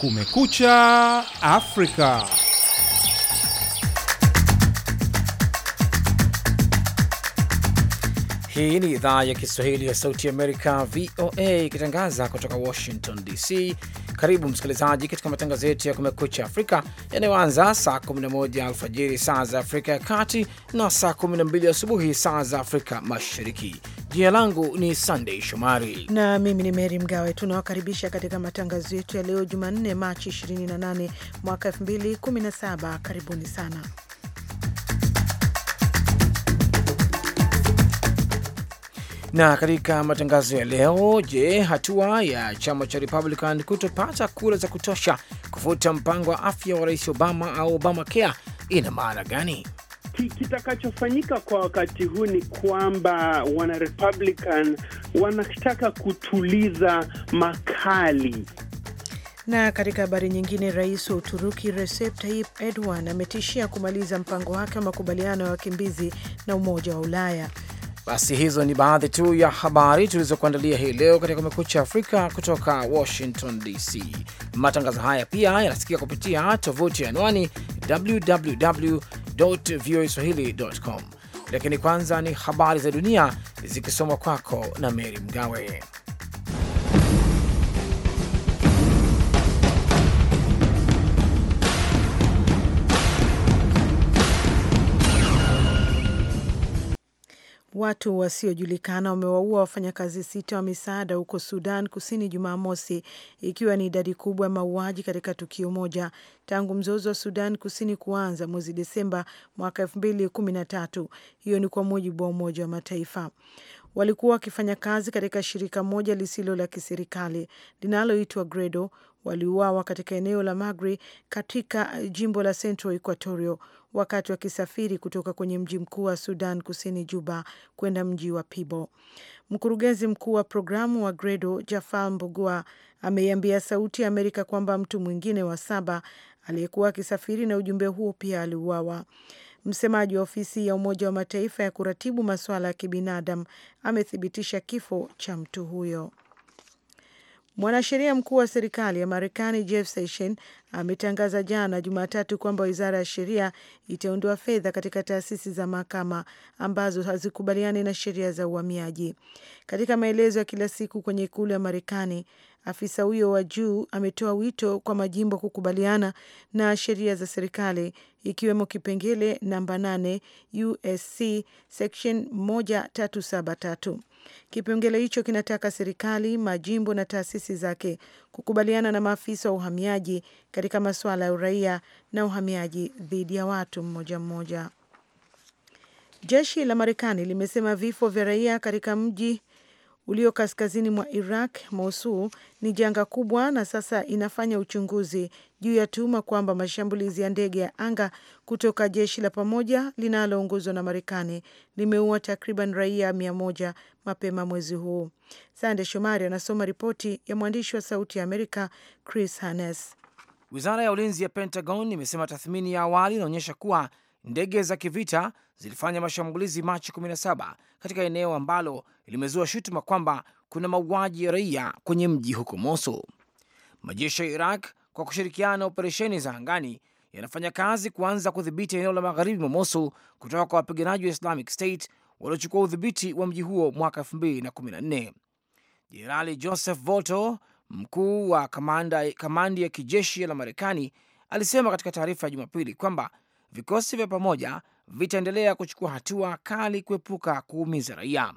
Kumekucha Afrika. Hii ni idhaa ya Kiswahili ya Sauti Amerika, VOA, ikitangaza kutoka Washington DC. Karibu msikilizaji katika matangazo yetu ya Kumekucha Afrika yanayoanza saa 11 alfajiri saa za Afrika ya Kati na saa 12 asubuhi saa za Afrika Mashariki. Jina langu ni sandey Shomari na mimi ni mery Mgawe. Tunawakaribisha katika matangazo yetu ya leo Jumanne, Machi 28 mwaka 2017. Karibuni sana. Na katika matangazo ya leo, je, hatua ya chama cha Republican kutopata kura za kutosha kufuta mpango wa afya wa Rais Obama au Obamacare ina maana gani? kitakachofanyika kwa wakati huu ni kwamba wana Republican wanataka kutuliza makali. Na katika habari nyingine, rais wa Uturuki Recep Tayyip Erdogan ametishia kumaliza mpango wake wa makubaliano ya wakimbizi na Umoja wa Ulaya. Basi hizo ni baadhi tu ya habari tulizokuandalia hii leo katika Kumekucha Afrika kutoka Washington DC. Matangazo haya pia yanasikika kupitia tovuti ya anwani www www.voaswahili.com. Lakini kwanza ni habari za dunia zikisomwa kwako na Meri Mgawe. Watu wasiojulikana wamewaua wafanyakazi sita wa misaada huko Sudan Kusini Jumamosi, ikiwa ni idadi kubwa ya mauaji katika tukio moja tangu mzozo wa Sudan Kusini kuanza mwezi Desemba mwaka elfu mbili kumi na tatu. Hiyo ni kwa mujibu wa Umoja wa Mataifa. Walikuwa wakifanya kazi katika shirika moja lisilo la kiserikali linaloitwa Gredo. Waliuawa katika eneo la Magri katika jimbo la Central Equatoria wakati wakisafiri kutoka kwenye mji mkuu wa Sudan Kusini, Juba, kwenda mji wa Pibo. Mkurugenzi mkuu wa programu wa Gredo, jafal Mbugua, ameiambia Sauti ya Amerika kwamba mtu mwingine wa saba aliyekuwa akisafiri na ujumbe huo pia aliuawa. Msemaji wa ofisi ya Umoja wa Mataifa ya kuratibu masuala ya kibinadamu amethibitisha kifo cha mtu huyo. Mwanasheria mkuu wa serikali ya Marekani Jeff Sessions ametangaza jana Jumatatu kwamba wizara ya sheria itaondoa fedha katika taasisi za mahakama ambazo hazikubaliani na sheria za uhamiaji. Katika maelezo ya kila siku kwenye ikulu ya Marekani, Afisa huyo wa juu ametoa wito kwa majimbo kukubaliana na sheria za serikali ikiwemo kipengele namba 8 USC section 1373. Kipengele hicho kinataka serikali, majimbo na taasisi zake kukubaliana na maafisa wa uhamiaji katika masuala ya uraia na uhamiaji dhidi ya watu mmoja mmoja. Jeshi la Marekani limesema vifo vya raia katika mji ulio kaskazini mwa Iraq, Mosul, ni janga kubwa na sasa inafanya uchunguzi juu ya tuhuma kwamba mashambulizi ya ndege ya anga kutoka jeshi la pamoja linaloongozwa na Marekani limeua takriban raia mia moja mapema mwezi huu. Sande Shomari anasoma ripoti ya mwandishi wa Sauti ya Amerika Chris Hanes. Wizara ya ulinzi ya Pentagon imesema tathmini ya awali inaonyesha kuwa Ndege za kivita zilifanya mashambulizi Machi 17 katika eneo ambalo limezua shutuma kwamba kuna mauaji ya raia kwenye mji huko Mosul. Majeshi ya Iraq kwa kushirikiana na operesheni za angani yanafanya kazi kuanza kudhibiti eneo la magharibi mwa Mosul kutoka kwa wapiganaji wa Islamic State waliochukua udhibiti wa mji huo mwaka 2014. Jenerali Joseph Volto, mkuu wa kamanda, kamandi ya kijeshi la Marekani, alisema katika taarifa ya Jumapili kwamba vikosi vya pamoja vitaendelea kuchukua hatua kali kuepuka kuumiza raia,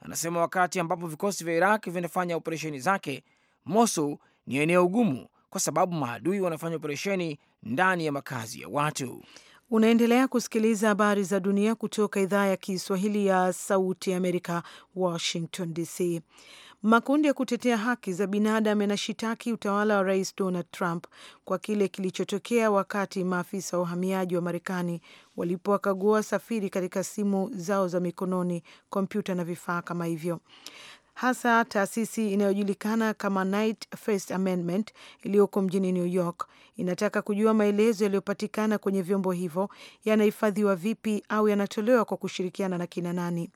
anasema. Wakati ambapo vikosi vya Iraq vinafanya operesheni zake, Mosul ni eneo gumu kwa sababu maadui wanafanya operesheni ndani ya makazi ya watu. Unaendelea kusikiliza habari za dunia kutoka idhaa ya Kiswahili ya Sauti ya Amerika, Washington DC. Makundi ya kutetea haki za binadamu yanashitaki utawala wa Rais Donald Trump kwa kile kilichotokea wakati maafisa wa uhamiaji wa Marekani walipowakagua wasafiri katika simu zao za mikononi, kompyuta na vifaa kama hivyo, hasa taasisi inayojulikana kama Knight First Amendment iliyoko mjini New York inataka kujua maelezo yaliyopatikana kwenye vyombo hivyo yanahifadhiwa vipi au yanatolewa kwa kushirikiana na kina nani.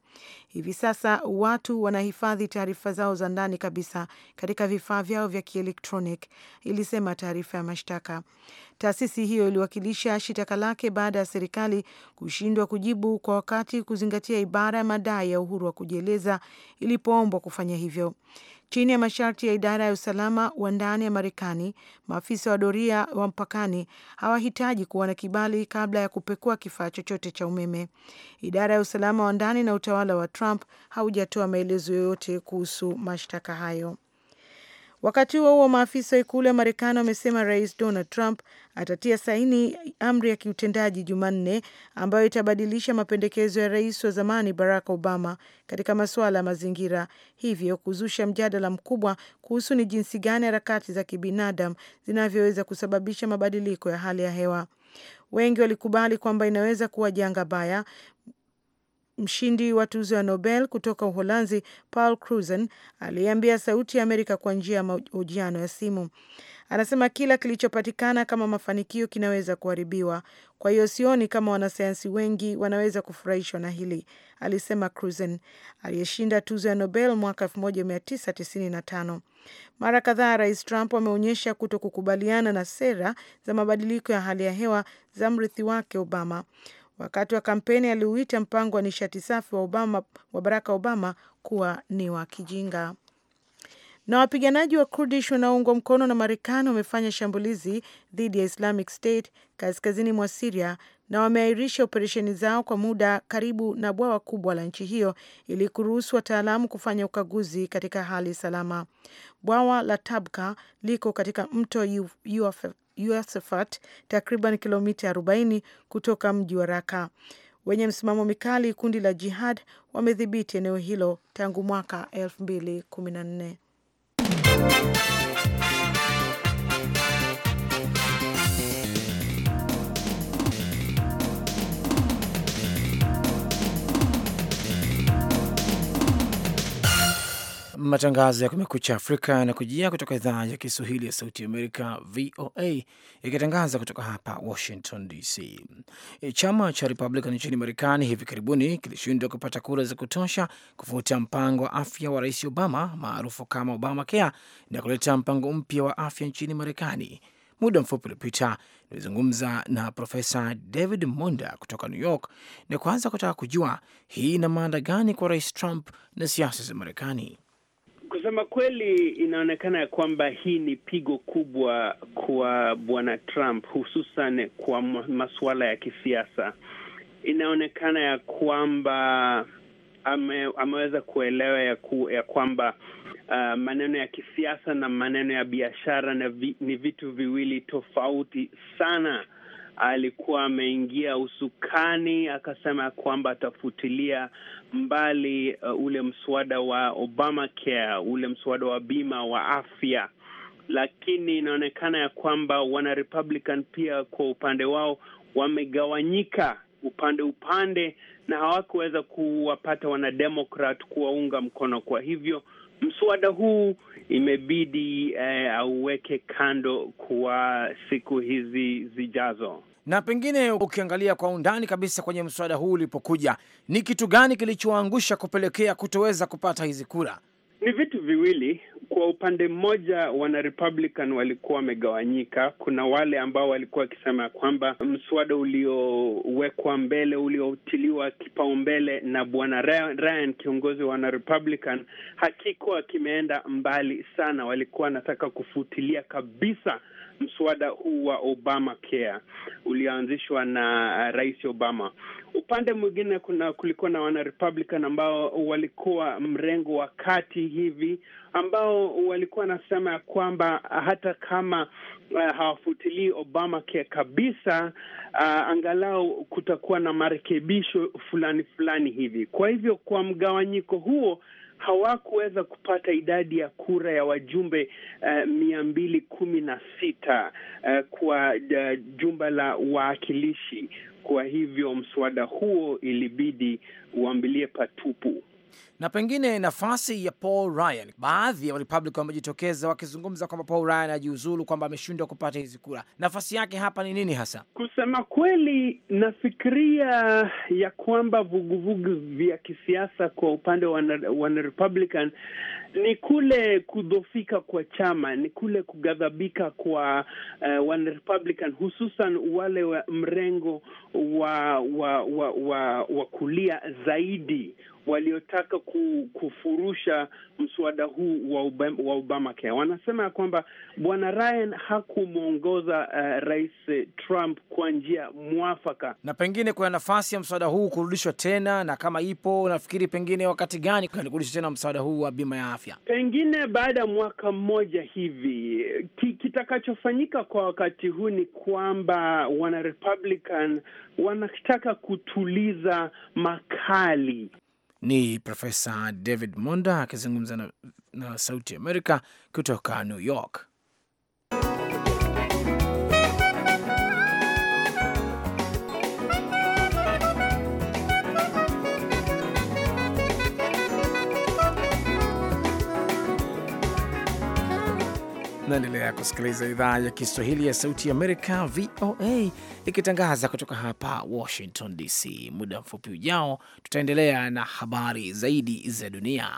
Hivi sasa watu wanahifadhi taarifa zao za ndani kabisa katika vifaa vyao vya kielektronic, ilisema taarifa ya mashtaka. Taasisi hiyo iliwakilisha shitaka lake baada ya serikali kushindwa kujibu kwa wakati, kuzingatia ibara ya madai ya uhuru wa kujieleza ilipoombwa kufanya hivyo. Chini ya masharti ya idara ya usalama wa ndani ya Marekani, maafisa wa doria wa mpakani hawahitaji kuwa na kibali kabla ya kupekua kifaa chochote cha umeme. Idara ya usalama wa ndani na utawala wa Trump haujatoa maelezo yoyote kuhusu mashtaka hayo. Wakati huo huo, maafisa wa ikulu ya Marekani wamesema Rais Donald Trump atatia saini amri ya kiutendaji Jumanne ambayo itabadilisha mapendekezo ya rais wa zamani Barack Obama katika masuala ya mazingira, hivyo kuzusha mjadala mkubwa kuhusu ni jinsi gani harakati za kibinadamu zinavyoweza kusababisha mabadiliko ya hali ya hewa. Wengi walikubali kwamba inaweza kuwa janga baya Mshindi wa tuzo ya Nobel kutoka Uholanzi, Paul Cruzen, aliyeambia Sauti ya Amerika kwa njia ya mahojiano ya simu, anasema kila kilichopatikana kama mafanikio kinaweza kuharibiwa. Kwa hiyo sioni kama wanasayansi wengi wanaweza kufurahishwa na hili, alisema Cruzen aliyeshinda tuzo ya Nobel mwaka 1995. Mara kadhaa Rais Trump ameonyesha kuto kukubaliana na sera za mabadiliko ya hali ya hewa za mrithi wake Obama. Wakati wa kampeni aliuita mpango wa nishati safi wa Obama, wa Barack Obama kuwa ni wa kijinga. Na wapiganaji wa Kurdish wanaoungwa mkono na Marekani wamefanya shambulizi dhidi ya Islamic State kaskazini mwa Siria na wameahirisha operesheni zao kwa muda karibu na bwawa kubwa la nchi hiyo ili kuruhusu wataalamu kufanya ukaguzi katika hali salama. Bwawa la Tabka liko katika mto Yusafat, takriban kilomita 40 kutoka mji wa Raka. Wenye msimamo mikali, kundi la Jihad wamedhibiti eneo hilo tangu mwaka 2014. Matangazo ya Kumekucha Afrika yanakujia kutoka idhaa ya Kiswahili ya Sauti Amerika, VOA, ikitangaza kutoka hapa Washington DC. E, chama cha Republican nchini Marekani hivi karibuni kilishindwa kupata kura za kutosha kufuta mpango wa afya wa Rais Obama maarufu kama Obamacare na kuleta mpango mpya wa afya nchini Marekani. Muda mfupi uliopita nilizungumza na Profesa David Monda kutoka New York na kwanza kutaka kujua hii ina maana gani kwa Rais Trump na siasa za Marekani. Kusema kweli, inaonekana ya kwamba hii ni pigo kubwa kwa bwana Trump, hususan kwa masuala ya kisiasa. Inaonekana ya kwamba ame, ameweza kuelewa ya, ku, ya kwamba uh, maneno ya kisiasa na maneno ya biashara ni vitu viwili tofauti sana alikuwa ameingia usukani, akasema kwamba atafutilia mbali uh, ule mswada wa Obamacare, ule mswada wa bima wa afya lakini inaonekana ya kwamba wana Republican pia kwa upande wao wamegawanyika upande upande, na hawakuweza kuwapata wanademokrat kuwaunga mkono. Kwa hivyo mswada huu imebidi eh, auweke kando kwa siku hizi zijazo na pengine ukiangalia kwa undani kabisa kwenye mswada huu ulipokuja, ni kitu gani kilichoangusha kupelekea kutoweza kupata hizi kura? Ni vitu viwili. Kwa upande mmoja, wana Republican walikuwa wamegawanyika. Kuna wale ambao walikuwa wakisema kwamba mswada uliowekwa mbele, uliotiliwa kipaumbele na bwana Ryan, kiongozi wa wana Republican, hakikuwa kimeenda mbali sana. Walikuwa wanataka kufutilia kabisa mswada huu wa obama Obamacare ulioanzishwa na uh, Rais Obama. Upande mwingine, kuna kulikuwa na wana Republican ambao walikuwa mrengo wa kati hivi ambao walikuwa wanasema ya kwamba hata kama uh, hawafutilii Obamacare kabisa, uh, angalau kutakuwa na marekebisho fulani fulani hivi. Kwa hivyo kwa mgawanyiko huo hawakuweza kupata idadi ya kura ya wajumbe uh, mia mbili kumi na sita uh, kwa uh, jumba la waakilishi. Kwa hivyo mswada huo ilibidi uambilie patupu na pengine nafasi ya Paul Ryan. Baadhi ya Warepublican wamejitokeza wakizungumza kwamba Paul Ryan ajiuzulu, kwamba ameshindwa kupata hizi kura. Nafasi yake hapa ni nini hasa? Kusema kweli, nafikiria ya kwamba vuguvugu vya kisiasa kwa upande wa Wanarepublican wana ni kule kudhofika kwa chama, ni kule kugadhabika kwa uh, eh, wanarepublican hususan wale wa mrengo wa wa, wa, wa wa kulia zaidi waliotaka kufurusha mswada huu wa Obama, wa Obamacare. Wanasema ya kwamba bwana Ryan hakumwongoza uh, rais Trump kwa njia mwafaka, na pengine kuna nafasi ya mswada huu kurudishwa tena, na kama ipo, nafikiri pengine wakati gani kurudishwa tena mswada huu wa bima ya afya? afya? Pengine baada ya mwaka mmoja hivi, kitakachofanyika kwa wakati huu ni kwamba wana Republican wanataka kutuliza makali. Ni Profesa David Monda akizungumza na, na Sauti Amerika kutoka New York. Naendelea kusikiliza idhaa ya Kiswahili ya Sauti ya Amerika, VOA, ikitangaza kutoka hapa Washington DC. Muda mfupi ujao, tutaendelea na habari zaidi za dunia.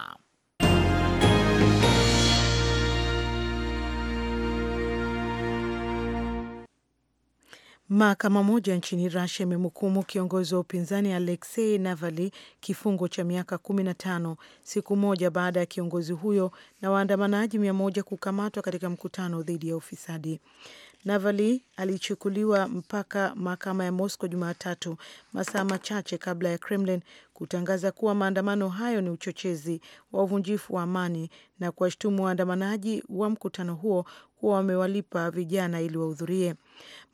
Mahakama moja nchini rusia imemhukumu kiongozi wa upinzani Aleksei Navalny kifungo cha miaka kumi na tano siku moja baada ya kiongozi huyo na waandamanaji mia moja kukamatwa katika mkutano dhidi ya ufisadi. Navalny alichukuliwa mpaka mahakama ya Moscow Jumatatu, masaa machache kabla ya Kremlin kutangaza kuwa maandamano hayo ni uchochezi wa uvunjifu wa amani na kuwashutumu waandamanaji wa mkutano huo kuwa wamewalipa vijana ili wahudhurie.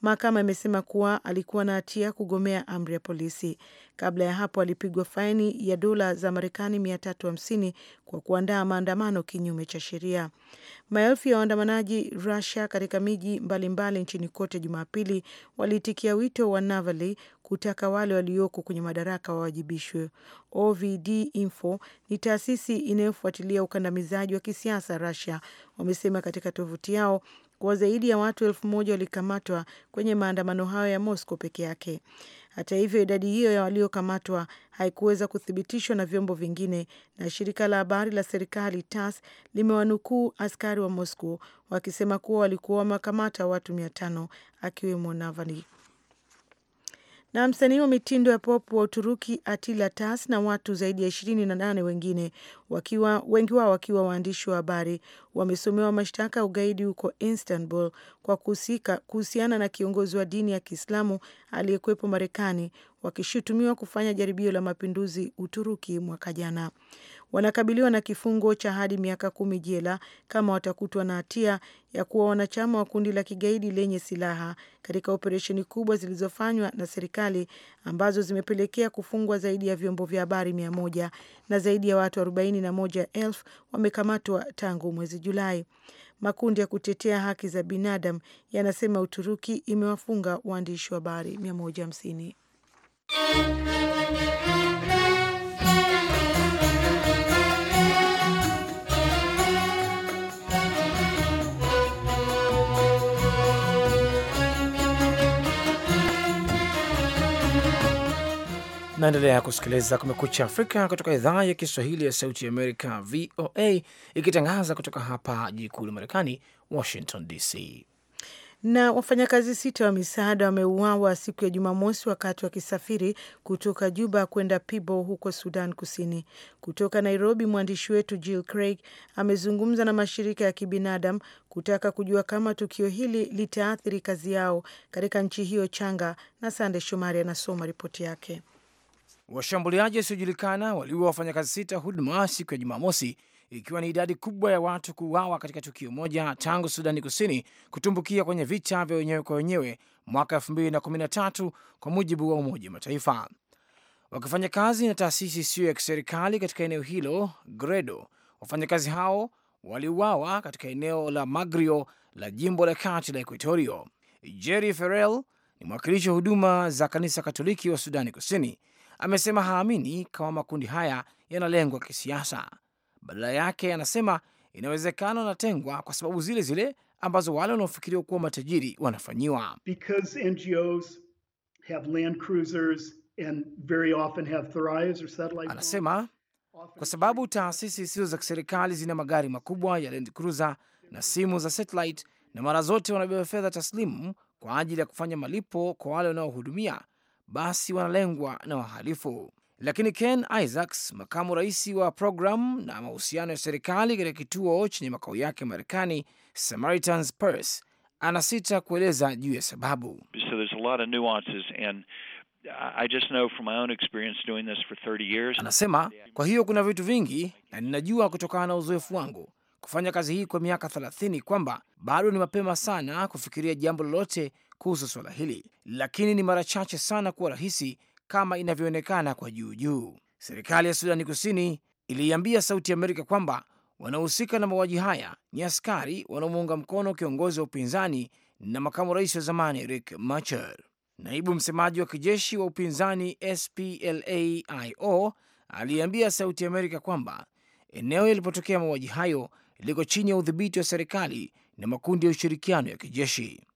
Mahakama imesema kuwa alikuwa na hatia kugomea amri ya polisi. Kabla ya hapo, alipigwa faini ya dola za Marekani 350 kwa kuandaa maandamano kinyume cha sheria. Maelfu ya waandamanaji Rusia katika miji mbalimbali nchini kote Jumapili waliitikia wito wa Navalny kutaka wale walioko kwenye madaraka wawajibishwe. OVD Info ni taasisi inayofuatilia ukandamizaji wa kisiasa Rusia, wamesema katika tovuti yao kuwa zaidi ya watu elfu moja walikamatwa kwenye maandamano hayo ya Moscow peke yake. Hata hivyo, idadi hiyo ya waliokamatwa haikuweza kuthibitishwa na vyombo vingine, na shirika la habari la serikali TASS limewanukuu askari wa Moscow wakisema kuwa walikuwa wamewakamata watu mia tano akiwemo Navalny na msanii wa mitindo ya pop wa Uturuki atila Tas na watu zaidi ya ishirini na nane wengine wakiwa, wengi wao wakiwa waandishi wa habari wamesomewa mashtaka ya ugaidi huko Istanbul kwa kuhusika kuhusiana na kiongozi wa dini ya Kiislamu aliyekuwepo Marekani wakishutumiwa kufanya jaribio la mapinduzi Uturuki mwaka jana wanakabiliwa na kifungo cha hadi miaka kumi jela kama watakutwa na hatia ya kuwa wanachama wa kundi la kigaidi lenye silaha katika operesheni kubwa zilizofanywa na serikali ambazo zimepelekea kufungwa zaidi ya vyombo vya habari mia moja na zaidi ya watu arobaini na moja elfu wamekamatwa tangu mwezi Julai. Makundi ya kutetea haki za binadamu yanasema Uturuki imewafunga waandishi wa habari mia moja hamsini. Naendelea kusikiliza Kumekucha Afrika kutoka idhaa ya Kiswahili ya Sauti ya Amerika, VOA, ikitangaza kutoka hapa jiji kuu la Marekani, Washington DC. Na wafanyakazi sita wa misaada wameuawa siku ya Jumamosi wakati wakisafiri kutoka Juba kwenda Pibo huko Sudan Kusini. Kutoka Nairobi, mwandishi wetu Jill Craig amezungumza na mashirika ya kibinadamu kutaka kujua kama tukio hili litaathiri kazi yao katika nchi hiyo changa, na Sande Shomari anasoma ripoti yake. Washambuliaji wasiojulikana waliua wafanyakazi sita huduma siku ya Jumamosi, ikiwa ni idadi kubwa ya watu kuuawa katika tukio moja tangu Sudani Kusini kutumbukia kwenye vita vya wenyewe kwa wenyewe mwaka 2013 kwa mujibu wa Umoja Mataifa. Wakifanya kazi na taasisi isiyo ya kiserikali katika eneo hilo Gredo, wafanyakazi hao waliuawa katika eneo la Magrio la jimbo la kati la Equatorio. Jerry Ferrell ni mwakilishi wa huduma za kanisa Katoliki wa Sudani Kusini amesema haamini kama makundi haya yanalengwa kisiasa. Badala yake, anasema inawezekana wanatengwa kwa sababu zile zile ambazo wale wanaofikiriwa kuwa matajiri wanafanyiwa. Anasema kwa sababu taasisi zisizo za kiserikali zina magari makubwa ya Land Cruiser na simu za satellite, na mara zote wanabeba fedha taslimu kwa ajili ya kufanya malipo kwa wale wanaohudumia basi wanalengwa na wahalifu. Lakini Ken Isaacs, makamu rais wa programu na mahusiano ya serikali katika kituo chenye makao yake Marekani, Samaritan's Purse, anasita kueleza juu ya sababu. So there's a lot of nuances and I just know from my own experience doing this for 30 years. Anasema, kwa hiyo kuna vitu vingi na ninajua kutokana na uzoefu wangu kufanya kazi hii kwa miaka 30 kwamba bado ni mapema sana kufikiria jambo lolote kuhusu swala hili, lakini ni mara chache sana kuwa rahisi kama inavyoonekana kwa juu juu. Serikali ya Sudani Kusini iliiambia Sauti ya Amerika kwamba wanaohusika na mauaji haya ni askari wanaomuunga mkono kiongozi wa upinzani na makamu rais wa zamani rick Machar. Naibu msemaji wa kijeshi wa upinzani SPLAIO aliambia Sauti Amerika kwamba Eneo yalipotokea mauaji hayo liko chini ya udhibiti wa serikali na makundi ya ushirikiano ya kijeshi.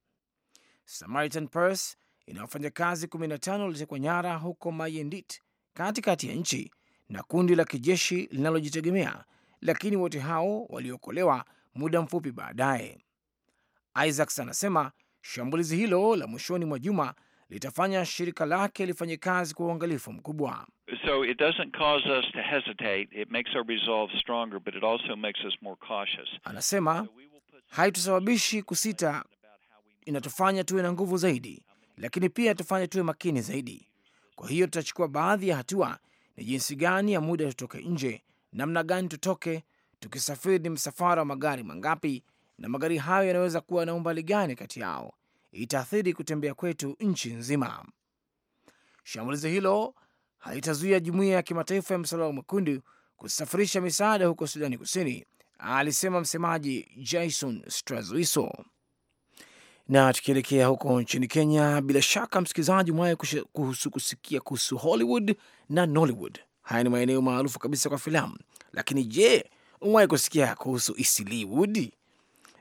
Samaritan Purse ina wafanyakazi 15 walitekwa nyara huko Mayendit katikati ya nchi na kundi la kijeshi linalojitegemea, lakini wote hao waliokolewa muda mfupi baadaye. Isaacs anasema shambulizi hilo la mwishoni mwa juma litafanya shirika lake lifanye kazi kwa uangalifu mkubwa. So it doesn't cause us to hesitate, it makes our resolve stronger, but it also makes us more cautious. Anasema haitusababishi kusita, inatufanya tuwe na nguvu zaidi, lakini pia tufanye tuwe makini zaidi. Kwa hiyo tutachukua baadhi ya hatua, ni jinsi gani ya muda tutoke nje, namna gani tutoke, tukisafiri ni msafara wa magari mangapi, na magari hayo yanaweza kuwa na umbali gani kati yao itaathiri kutembea kwetu nchi nzima. Shambulizi hilo halitazuia jumuiya ya kimataifa ya msalaba mwekundu kusafirisha misaada huko Sudani Kusini, alisema msemaji Jason Strazwiso. Na tukielekea huko nchini Kenya, bila shaka msikilizaji, umewahi kuhusu kusikia kuhusu Hollywood na Nollywood. Haya ni maeneo maarufu kabisa kwa filamu, lakini je, umewahi kusikia kuhusu Eastleigh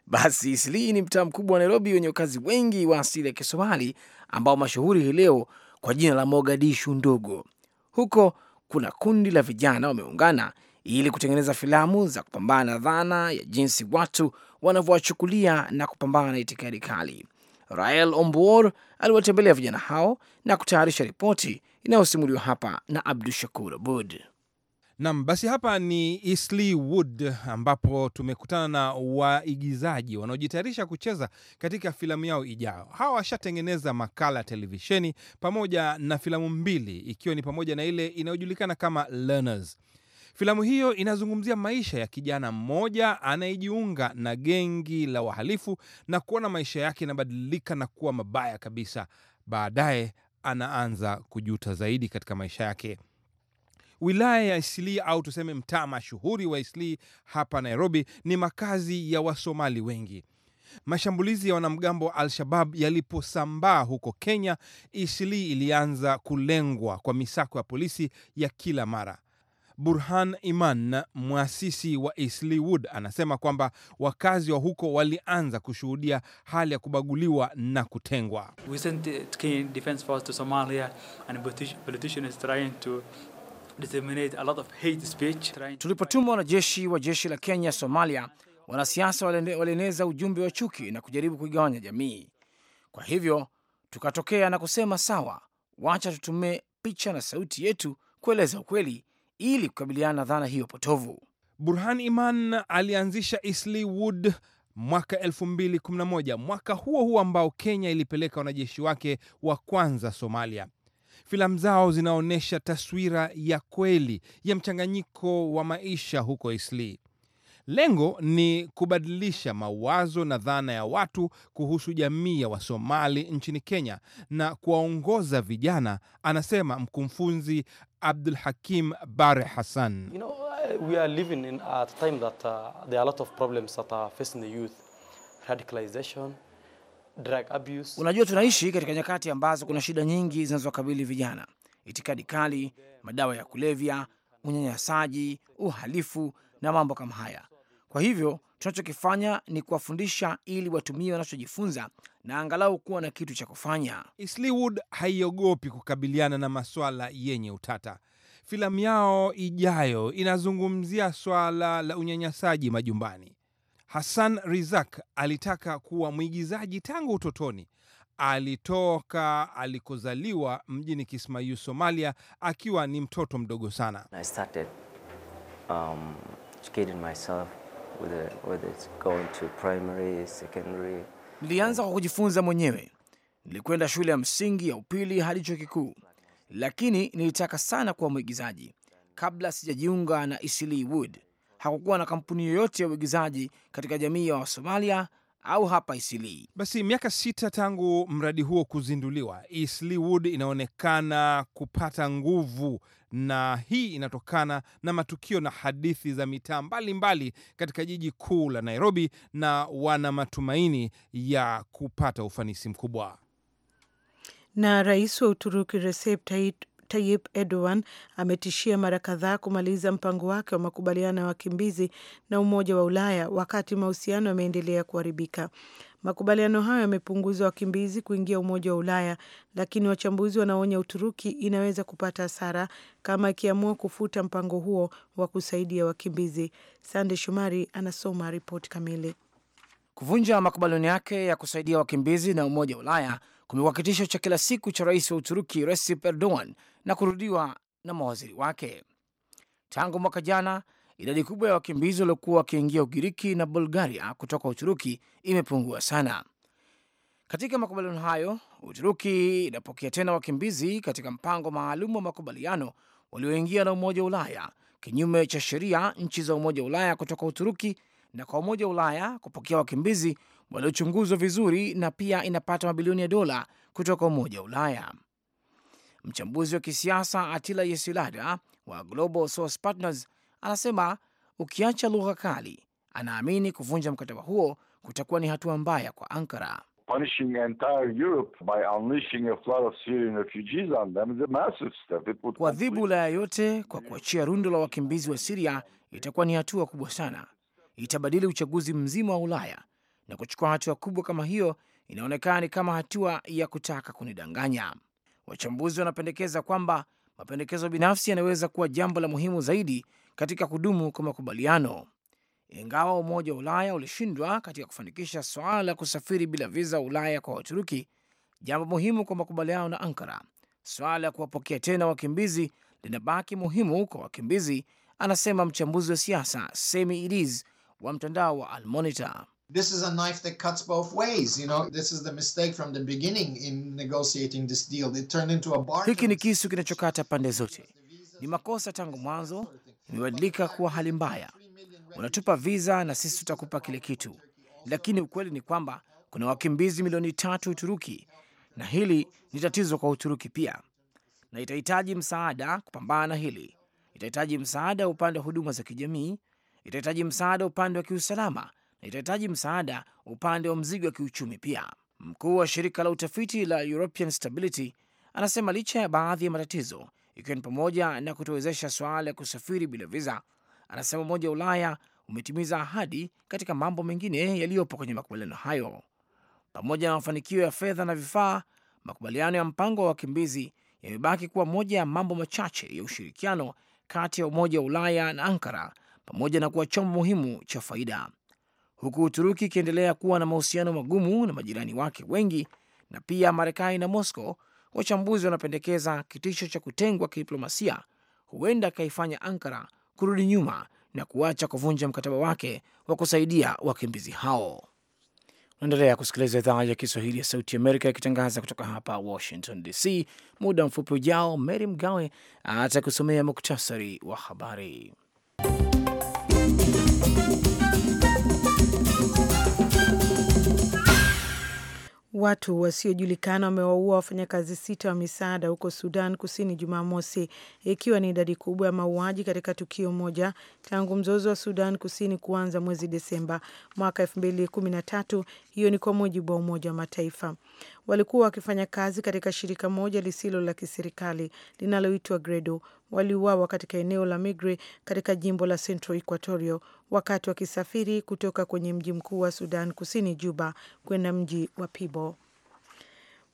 basi Eastleigh ni mtaa mkubwa wa Nairobi wenye wakazi wengi wa asili ya Kisomali ambao mashuhuri hii leo kwa jina la Mogadishu ndogo. Huko kuna kundi la vijana wameungana ili kutengeneza filamu za kupambana na dhana ya jinsi watu wanavyowachukulia na kupambana na itikadi kali. Rael Ombor aliwatembelea vijana hao na kutayarisha ripoti inayosimuliwa hapa na Abdu Shakur Abud. Nam, basi hapa ni Eastleigh Wood ambapo tumekutana na waigizaji wanaojitayarisha kucheza katika filamu yao ijayo. Hawa washatengeneza makala ya televisheni pamoja na filamu mbili, ikiwa ni pamoja na ile inayojulikana kama Learners. Filamu hiyo inazungumzia maisha ya kijana mmoja anayejiunga na gengi la wahalifu na kuona maisha yake yanabadilika na kuwa mabaya kabisa. Baadaye anaanza kujuta zaidi katika maisha yake. Wilaya ya isli au tuseme mtaa mashuhuri wa isli hapa Nairobi ni makazi ya Wasomali wengi. Mashambulizi ya wanamgambo wa Al-Shabab yaliposambaa huko Kenya, isli ilianza kulengwa kwa misako ya polisi ya kila mara. Burhan Iman, mwasisi wa Islii Wood, anasema kwamba wakazi wa huko walianza kushuhudia hali ya kubaguliwa na kutengwa. Tulipotumwa wanajeshi wa jeshi la Kenya Somalia, wanasiasa walieneza ujumbe wa chuki na kujaribu kuigawanya jamii. Kwa hivyo tukatokea na kusema sawa, wacha tutumie picha na sauti yetu kueleza ukweli ili kukabiliana na dhana hiyo potovu. Burhan Iman alianzisha Isli Wood mwaka 2011, mwaka huo huo ambao Kenya ilipeleka wanajeshi wake wa kwanza Somalia. Filamu zao zinaonyesha taswira ya kweli ya mchanganyiko wa maisha huko Isli. Lengo ni kubadilisha mawazo na dhana ya watu kuhusu jamii ya Wasomali nchini Kenya na kuwaongoza vijana, anasema mkufunzi Abdul Hakim Bare Hassan. You know, uh, drug abuse. Unajua, tunaishi katika nyakati ambazo kuna shida nyingi zinazokabili vijana: itikadi kali, madawa ya kulevya, unyanyasaji, uhalifu na mambo kama haya. Kwa hivyo tunachokifanya ni kuwafundisha ili watumie wanachojifunza na angalau kuwa na kitu cha kufanya. haiogopi kukabiliana na maswala yenye utata. Filamu yao ijayo inazungumzia swala la unyanyasaji majumbani. Hassan Rizak alitaka kuwa mwigizaji tangu utotoni. Alitoka alikozaliwa mjini Kismayu, Somalia, akiwa ni mtoto mdogo sana. Um, nilianza kwa kujifunza mwenyewe. Nilikwenda shule ya msingi, ya upili hadi chuo kikuu, lakini nilitaka sana kuwa mwigizaji kabla sijajiunga na Isilii Wood hakukuwa na kampuni yoyote ya uigizaji katika jamii ya Wasomalia au hapa Isilii. Basi miaka sita tangu mradi huo kuzinduliwa, Isleewood inaonekana kupata nguvu, na hii inatokana na matukio na hadithi za mitaa mbalimbali katika jiji kuu la Nairobi, na wana matumaini ya kupata ufanisi mkubwa. Na rais wa Uturuki Recep Tayyip Tayyip Erdogan ametishia mara kadhaa kumaliza mpango wake wa makubaliano ya wakimbizi na Umoja wa Ulaya wakati mahusiano yameendelea kuharibika. Makubaliano hayo yamepunguza wakimbizi kuingia Umoja wa Ulaya, lakini wachambuzi wanaonya Uturuki inaweza kupata hasara kama ikiamua kufuta mpango huo wa kusaidia wakimbizi. Sande Shomari anasoma ripoti kamili. Kuvunja makubaliano yake ya kusaidia wakimbizi na Umoja wa Ulaya kumekuwa kitisho cha kila siku cha rais wa Uturuki Recep Erdogan na kurudiwa na mawaziri wake. Tangu mwaka jana, idadi kubwa ya wakimbizi waliokuwa wakiingia Ugiriki na Bulgaria kutoka Uturuki imepungua sana. Katika makubaliano hayo, Uturuki inapokea tena wakimbizi katika mpango maalum wa makubaliano walioingia na Umoja wa Ulaya kinyume cha sheria nchi za Umoja wa Ulaya kutoka Uturuki, na kwa Umoja wa Ulaya kupokea wakimbizi waliochunguzwa vizuri na pia inapata mabilioni ya dola kutoka Umoja wa Ulaya. Mchambuzi wa kisiasa Atila Yesilada wa Global Source Partners anasema ukiacha lugha kali, anaamini kuvunja mkataba huo kutakuwa ni hatua mbaya kwa Ankara. Kuadhibu Ulaya yote kwa kuachia rundo la wakimbizi wa Siria itakuwa ni hatua kubwa sana, itabadili uchaguzi mzima wa Ulaya na kuchukua hatua kubwa kama hiyo inaonekana ni kama hatua ya kutaka kunidanganya. Wachambuzi wanapendekeza kwamba mapendekezo binafsi yanaweza kuwa jambo la muhimu zaidi katika kudumu kwa makubaliano. Ingawa Umoja wa Ulaya ulishindwa katika kufanikisha swala la kusafiri bila viza Ulaya kwa Waturuki, jambo muhimu kwa makubaliano na Ankara, swala la kuwapokea tena wakimbizi linabaki muhimu kwa wakimbizi, anasema mchambuzi wa siasa Semi Idiz wa mtandao wa Almonita this is a knife that cuts both ways. You know, this is the mistake from the beginning in negotiating this deal. It turned into a bargain. Hiki ni kisu kinachokata pande zote, ni makosa tangu mwanzo, imebadilika kuwa hali mbaya. Unatupa viza na sisi tutakupa kile kitu, lakini ukweli ni kwamba kuna wakimbizi milioni tatu Uturuki, na hili ni tatizo kwa Uturuki pia, na itahitaji msaada kupambana na hili. Itahitaji msaada upande wa huduma za kijamii, itahitaji msaada upande wa kiusalama itahitaji msaada upande wa mzigo wa kiuchumi pia. Mkuu wa shirika la utafiti la European Stability anasema licha ya baadhi ya matatizo, ikiwa ni pamoja na kutowezesha suala ya kusafiri bila viza, anasema Umoja wa Ulaya umetimiza ahadi katika mambo mengine yaliyopo kwenye makubaliano hayo. Pamoja na mafanikio ya fedha na vifaa, makubaliano ya mpango wa wakimbizi yamebaki kuwa moja ya mambo machache ya ushirikiano kati ya Umoja wa Ulaya na Ankara, pamoja na kuwa chombo muhimu cha faida huku Uturuki ikiendelea kuwa na mahusiano magumu na majirani wake wengi na pia Marekani na Moscow. Wachambuzi wanapendekeza kitisho cha kutengwa kidiplomasia huenda akaifanya Ankara kurudi nyuma na kuacha kuvunja mkataba wake wa kusaidia wakimbizi hao. Unaendelea kusikiliza idhaa ya Kiswahili ya Sauti Amerika ikitangaza kutoka hapa Washington DC. Muda mfupi ujao, Mary Mgawe atakusomea muktasari wa habari. Watu wasiojulikana wamewaua wafanyakazi sita wa misaada huko Sudan Kusini Jumamosi, ikiwa ni idadi kubwa ya mauaji katika tukio moja tangu mzozo wa Sudan Kusini kuanza mwezi Desemba mwaka elfu mbili kumi na tatu. Hiyo ni kwa mujibu wa Umoja wa Mataifa walikuwa wakifanya kazi katika shirika moja lisilo la kiserikali linaloitwa Gredo waliuawa katika eneo la Migre katika jimbo la Central Equatoria wakati wakisafiri kutoka kwenye mji mkuu wa Sudan Kusini, Juba, kwenda mji wa Pibo.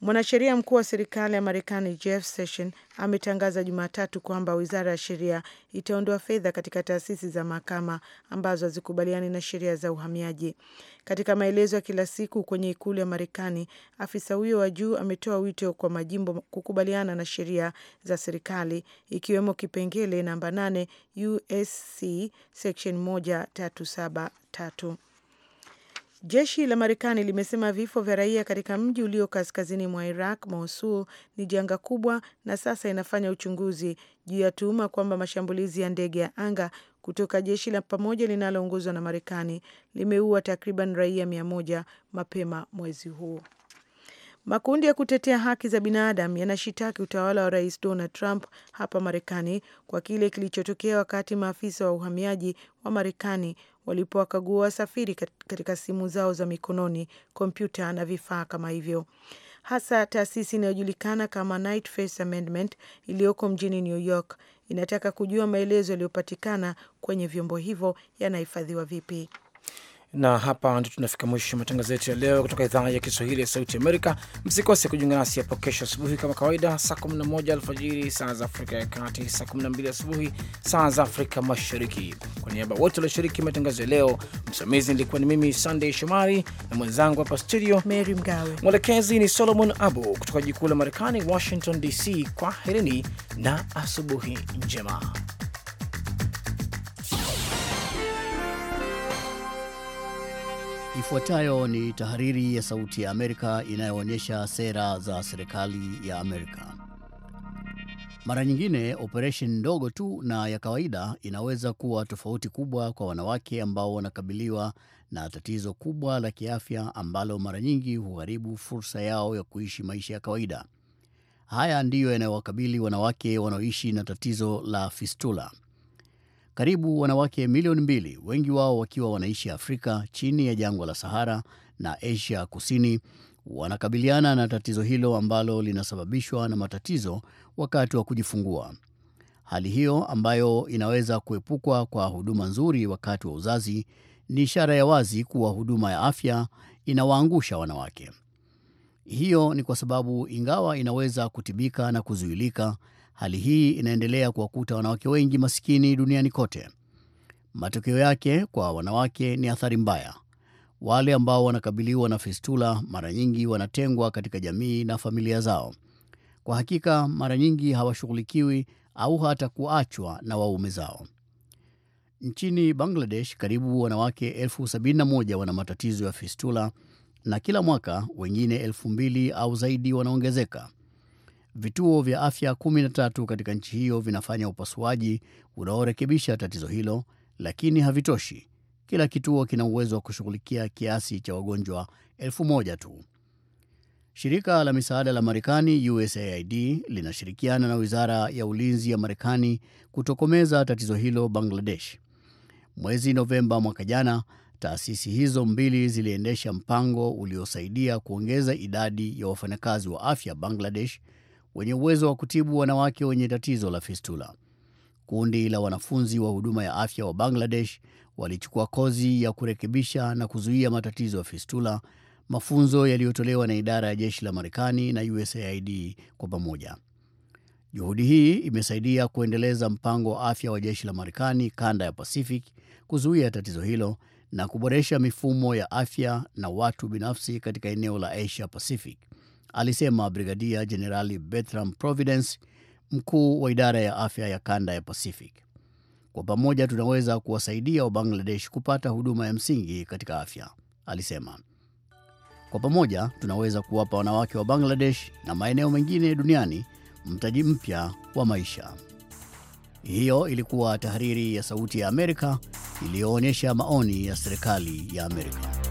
Mwanasheria mkuu wa serikali ya Marekani Jeff Sessions ametangaza Jumatatu kwamba wizara ya sheria itaondoa fedha katika taasisi za mahakama ambazo hazikubaliani na sheria za uhamiaji. Katika maelezo ya kila siku kwenye ikulu ya Marekani, afisa huyo wa juu ametoa wito kwa majimbo kukubaliana na sheria za serikali, ikiwemo kipengele namba 8 USC section 1373. Jeshi la Marekani limesema vifo vya raia katika mji ulio kaskazini mwa Iraq, Mosul, ni janga kubwa na sasa inafanya uchunguzi juu ya tuhuma kwamba mashambulizi ya ndege ya anga kutoka jeshi la pamoja linaloongozwa na Marekani limeua takriban raia mia moja mapema mwezi huu. Makundi ya kutetea haki za binadamu yanashitaki utawala wa rais Donald Trump hapa Marekani kwa kile kilichotokea wakati maafisa wa uhamiaji wa Marekani walipowakagua wasafiri katika simu zao za mikononi, kompyuta na vifaa kama hivyo, hasa taasisi inayojulikana kama Night Face Amendment iliyoko mjini New York inataka kujua maelezo yaliyopatikana kwenye vyombo hivyo yanahifadhiwa vipi na hapa ndio tunafika mwisho matangazo yetu ya leo kutoka idhaa ya Kiswahili ya Sauti Amerika. Msikose kujiunga nasi hapo kesho asubuhi kama kawaida, saa 11 alfajiri saa za Afrika ya Kati, saa 12 asubuhi saa za Afrika Mashariki. Kwa niaba wote walioshiriki matangazo ya leo, msimamizi nilikuwa ni mimi sandey Shomari na mwenzangu hapa studio Mary Mgawe, mwelekezi ni Solomon Abu kutoka jikuu la Marekani, Washington DC. Kwa herini na asubuhi njema. Ifuatayo ni tahariri ya Sauti ya Amerika inayoonyesha sera za serikali ya Amerika. Mara nyingine operesheni ndogo tu na ya kawaida inaweza kuwa tofauti kubwa kwa wanawake ambao wanakabiliwa na tatizo kubwa la kiafya ambalo mara nyingi huharibu fursa yao ya kuishi maisha ya kawaida. Haya ndiyo yanayowakabili wanawake wanaoishi na tatizo la fistula. Karibu wanawake milioni mbili, wengi wao wakiwa wanaishi Afrika chini ya jangwa la Sahara na Asia Kusini, wanakabiliana na tatizo hilo ambalo linasababishwa na matatizo wakati wa kujifungua. Hali hiyo ambayo inaweza kuepukwa kwa huduma nzuri wakati wa uzazi ni ishara ya wazi kuwa huduma ya afya inawaangusha wanawake. Hiyo ni kwa sababu ingawa inaweza kutibika na kuzuilika, Hali hii inaendelea kuwakuta wanawake wengi maskini duniani kote. Matokeo yake kwa wanawake ni athari mbaya. Wale ambao wanakabiliwa na fistula mara nyingi wanatengwa katika jamii na familia zao. Kwa hakika, mara nyingi hawashughulikiwi au hata kuachwa na waume zao. Nchini Bangladesh, karibu wanawake elfu sabini na moja wana matatizo ya fistula na kila mwaka wengine elfu mbili au zaidi wanaongezeka. Vituo vya afya 13 katika nchi hiyo vinafanya upasuaji unaorekebisha tatizo hilo, lakini havitoshi. Kila kituo kina uwezo wa kushughulikia kiasi cha wagonjwa 1 tu. Shirika la misaada la Marekani USAID linashirikiana na wizara ya ulinzi ya Marekani kutokomeza tatizo hilo Bangladesh. Mwezi Novemba mwaka jana, taasisi hizo mbili ziliendesha mpango uliosaidia kuongeza idadi ya wafanyakazi wa afya Bangladesh wenye uwezo wa kutibu wanawake wenye tatizo la fistula. Kundi la wanafunzi wa huduma ya afya wa Bangladesh walichukua kozi ya kurekebisha na kuzuia matatizo ya fistula, mafunzo yaliyotolewa na idara ya jeshi la Marekani na USAID kwa pamoja. Juhudi hii imesaidia kuendeleza mpango wa afya wa jeshi la Marekani kanda ya Pacific, kuzuia tatizo hilo na kuboresha mifumo ya afya na watu binafsi katika eneo la Asia Pacific alisema Brigadia Jenerali Bertram Providence, mkuu wa idara ya afya ya kanda ya Pacific. Kwa pamoja tunaweza kuwasaidia Wabangladesh kupata huduma ya msingi katika afya, alisema. Kwa pamoja tunaweza kuwapa wanawake wa Bangladesh na maeneo mengine duniani mtaji mpya wa maisha. Hiyo ilikuwa tahariri ya Sauti ya Amerika iliyoonyesha maoni ya serikali ya Amerika.